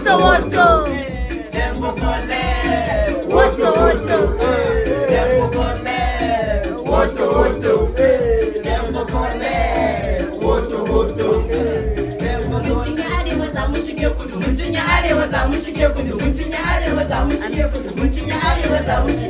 woto woto demukole woto woto demukole woto woto demukole woto woto mun cinye arewa za mu shige kudu mun cinye arewa za mu shige kudu mun cinye arewa za mu shige kudu mun cinye arewa za